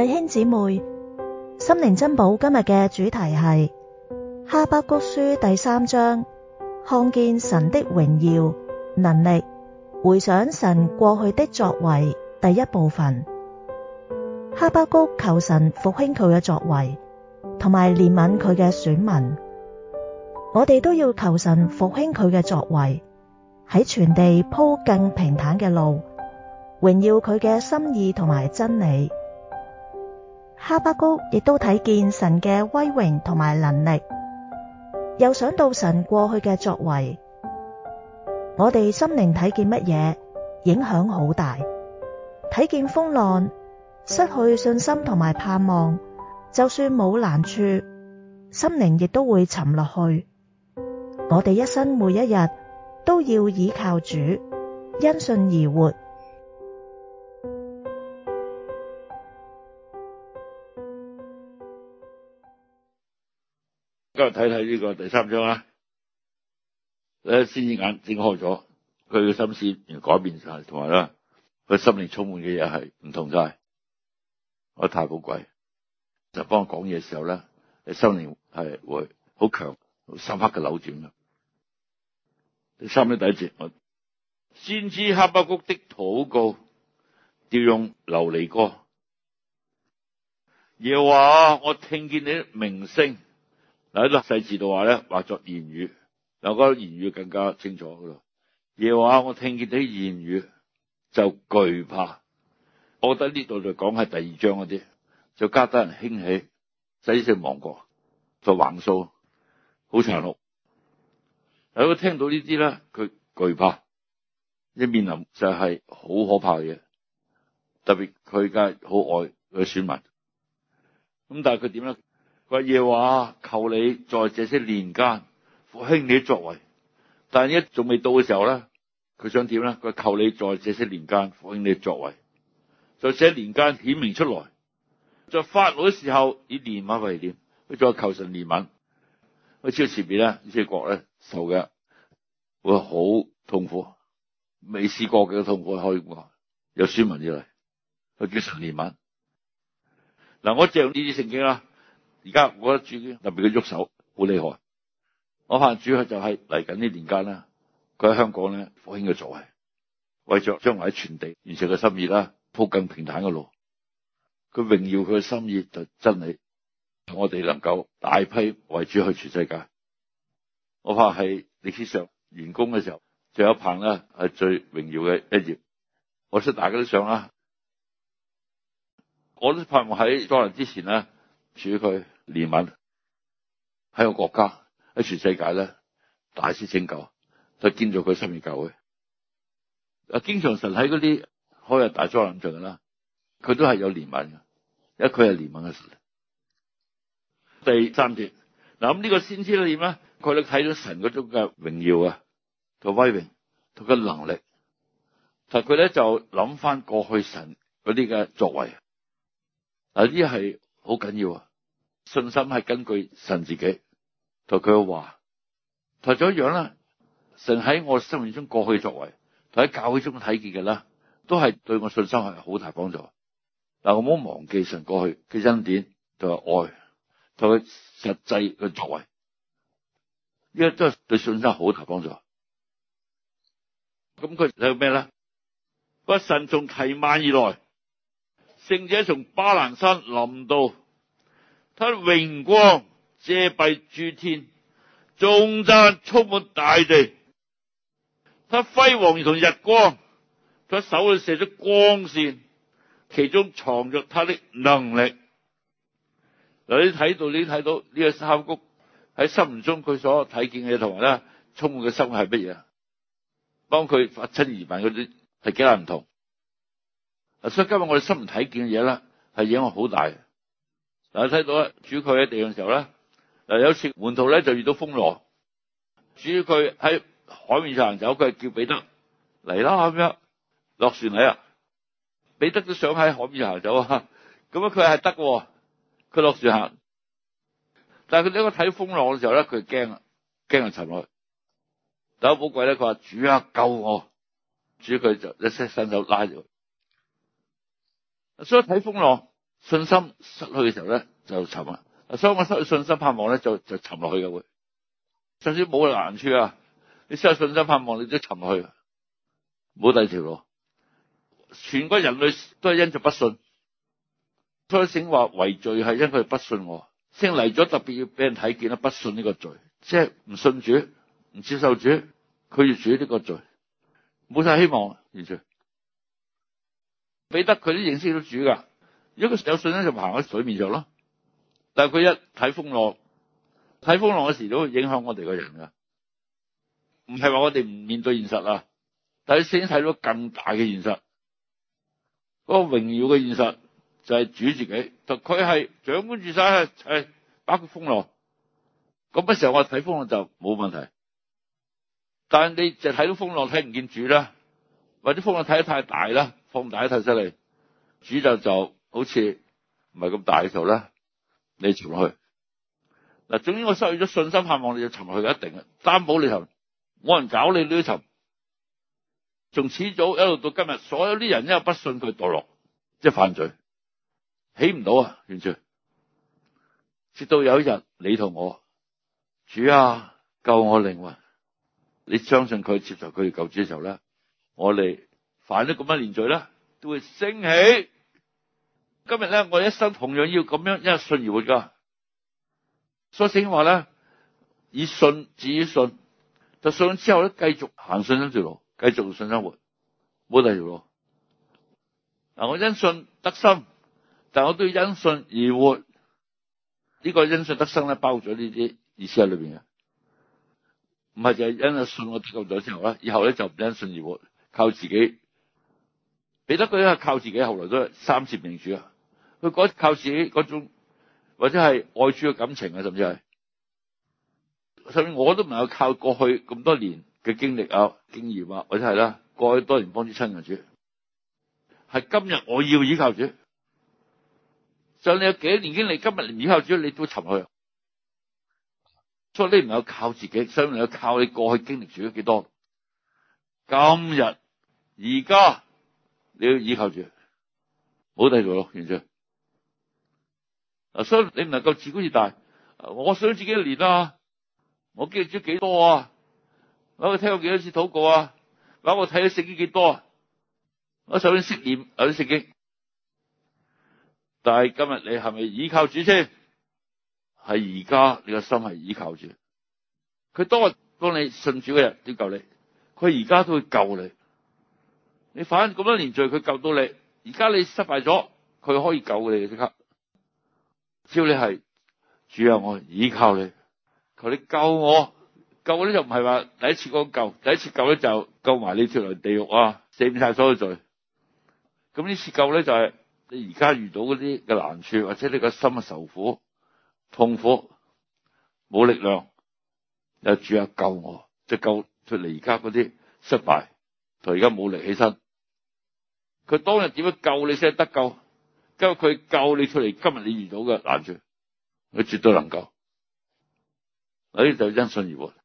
弟兄姊妹，心靈珍寶今日嘅主題係《哈巴谷書》第三章，看見神的榮耀，能力，回想神過去的作為。第一部分，哈巴谷求神復興佢嘅作為，同埋憐憫佢嘅選民。我哋都要求神復興佢嘅作為，喺全地鋪更平坦嘅路，榮耀佢嘅心意同埋真理。哈巴谷亦都睇見神嘅威榮同埋能力，又想到神過去嘅作為。我哋心靈睇見乜嘢，影響好大。睇見風浪，失去信心同埋盼望，就算冇難處，心靈亦都會沉落去。我哋一生每一日都要倚靠主，因信而活。今日睇睇呢個第三章啦，咧先知眼睜開咗，佢嘅心思改變晒，他心充滿的東西是不同埋咧，佢心靈充滿嘅嘢係唔同晒，我太寶貴。就幫我講嘢嘅時候咧，心靈係會好強、好深刻嘅扭轉，第三章第一節，我先知哈巴谷的禱告，調用流離歌，耶和華我聽見你的名聲。嗱喺細字度話咧，話作言語，嗱我覺得言語更加清楚咯。夜話我聽見啲言語就懼怕，我覺得呢度就講係第二章嗰啲，就加得人興起，仔細亡國，就橫掃，好長錄。嗱，我聽到呢啲咧，佢懼怕，一面臨就係好可怕嘅，特別佢而家好愛嘅選民，咁但係佢點咧？佢嘢話，求你在這些年間復興你嘅作為，但係一仲未到嘅時候咧，佢想點咧？佢求你在這些年間復興你嘅作為，在這些年間顯明出來，在發怒嘅時候以憐憫為念，佢再求神憐憫。佢知前面咧呢隻國咧受嘅會好痛苦，未試過嘅痛苦可以講有選民要嚟，佢叫神憐憫。嗱，我借呢啲聖經啦。而家我覺得主特別嘅喐手好厲害，我怕主就係嚟緊呢年間啦，佢喺香港咧復興嘅作為，為著將來喺全地完成佢心意啦，鋪更平坦嘅路。佢榮耀佢嘅心意就是真理，我哋能夠大批為主去全世界。我怕係歷史上完工嘅時候，仲有棒咧係最榮耀嘅一頁。我出大家都想啦，我都盼望喺葬人之前咧。主佢憐憫喺個國家喺全世界咧，大師拯救，就建造佢心意教會。啊，經常神喺嗰啲開日大災難上啦，佢都係有憐憫嘅，因為佢係憐憫嘅神。第三段嗱咁呢個先知點咧？佢哋睇到神嗰種嘅榮耀啊，同威榮同嘅能力，但係佢咧就諗翻過去神嗰啲嘅作為，嗱呢係好緊要啊！信心係根據神自己，同佢話，同咗一樣啦。神喺我生命中過去作為，同喺教會中睇見嘅啦，都係對我信心係好大幫助。但我唔好忘記神過去嘅恩典同埋愛，同佢實際嘅作為，呢個都係對信心好大幫助。咁佢睇到咩咧？不，神從提幔而來，聖者從巴蘭山臨到。他榮光遮蔽諸天，頌讚充滿大地。他輝煌如同日光，他手裡射出光線，其中藏着他的能力。嗱，你睇到你睇到呢個哈巴谷喺心目中佢所睇見嘅嘢，同埋咧充滿嘅心係乜嘢？幫佢發親移民嗰啲係幾大唔同。嗱，所以今日我哋心目睇見嘅嘢咧，係影響好大嘅。嗱，睇到啦，主佢喺地上嘅時候咧，有次門徒咧就遇到風浪，主佢喺海面上行走，佢叫彼得嚟啦咁樣落船嚟啊！彼得都想喺海面上行走啊，咁樣佢係得喎，佢落船行，但係佢呢個睇風浪嘅時候咧，佢就驚啦，驚佢沉落去。但好寶貴咧，佢話主啊，救我，主佢就一伸伸手拉住佢。所以睇風浪。信心失去嘅時候咧，就沉啦。啊，所以我失去信心、盼望咧，就就沉落去嘅會。甚至冇難處啊，你失去信心、盼望，你都沉落去，冇第二條路。全個人類都係因着不信，所以聖話為罪係因佢不信我。聖嚟咗特別要俾人睇見啦，不信呢個罪，即係唔信主、唔接受主，佢要主呢個罪，冇晒希望，完全。彼得佢啲認識都主噶。一個有信心就行喺水面上咯。但係佢一睇風浪，睇風浪嘅時都會影響我哋個人噶。唔係話我哋唔面對現實啊。但係先睇到更大嘅現實，嗰個榮耀嘅現實就係主自己。佢係掌管住晒，係包括風浪。咁嘅時候我睇風浪就冇問題。但係你就睇到風浪睇唔見主啦，或者風浪睇得太大啦，放大得太犀利，主就就。好似唔係咁大嘅時候咧，你沉落去嗱，總之我失去咗信心盼望，你就沉落去一定嘅擔保，你頭冇人搞你呢啲沉，仲遲早一路到今日，所有啲人因為不信佢墮落，即係犯罪，起唔到啊！完全，直到有一日你同我，主啊救我靈魂，你相信佢接受佢嘅救主嘅時候咧，我哋犯咗咁多連罪咧，都會升起。今日咧，我一生同樣要咁樣因為信而活噶。所以請話咧，以信至信，就信之後咧，繼續行信心條路，繼續信生活，冇第二條路。嗱、啊，我因信得生，但我都要因信而活。這個、恩呢個因信得生咧，包咗呢啲意思喺裏邊嘅，唔係就係因為信我得救咗之後咧，以後咧就唔因信而活，靠自己。彼得佢啲係靠自己，後來都係三次命主啊。佢講靠自己嗰種，或者係愛主嘅感情啊，甚至係，所以我都唔能夠靠過去咁多年嘅經歷啊、經驗啊，或者係啦，過去多年幫啲親人主，係今日我要依靠主，就你有幾多年經歷，今日連依靠主，你都沉去，所以你唔能夠靠自己，所以你唔能夠靠你過去經歷主咗幾多，今日而家你要依靠住，好提咗咯，完咗。嗱，所以你唔能夠自高自大。我想自己一年啦、啊，我經歷咗幾多啊？我聽過幾多次禱告啊？嗱，我睇到聖經幾多啊？我首先試驗有啲聖經，但係今日你係咪依靠主先？係而家你個心係依靠住，佢當日當你信主嘅人，都救你，佢而家都會救你。你反咁多年罪，佢救到你。而家你失敗咗，佢可以救你即刻。只要你係主啊，我依靠你，求你救我，救咧，就唔係話第一次講救，第一次救咧就救埋你條人地獄啊，赦免晒所有罪。咁呢次救咧就係你而家遇到嗰啲嘅難處，或者你個心受苦、痛苦、冇力量，有主啊救我，即係救出嚟而家嗰啲失敗同而家冇力起身。佢當日點樣救你先得救？因為佢救你出嚟，今日你遇到嘅難處，佢絕對能夠。嗱呢就因信而活，啊。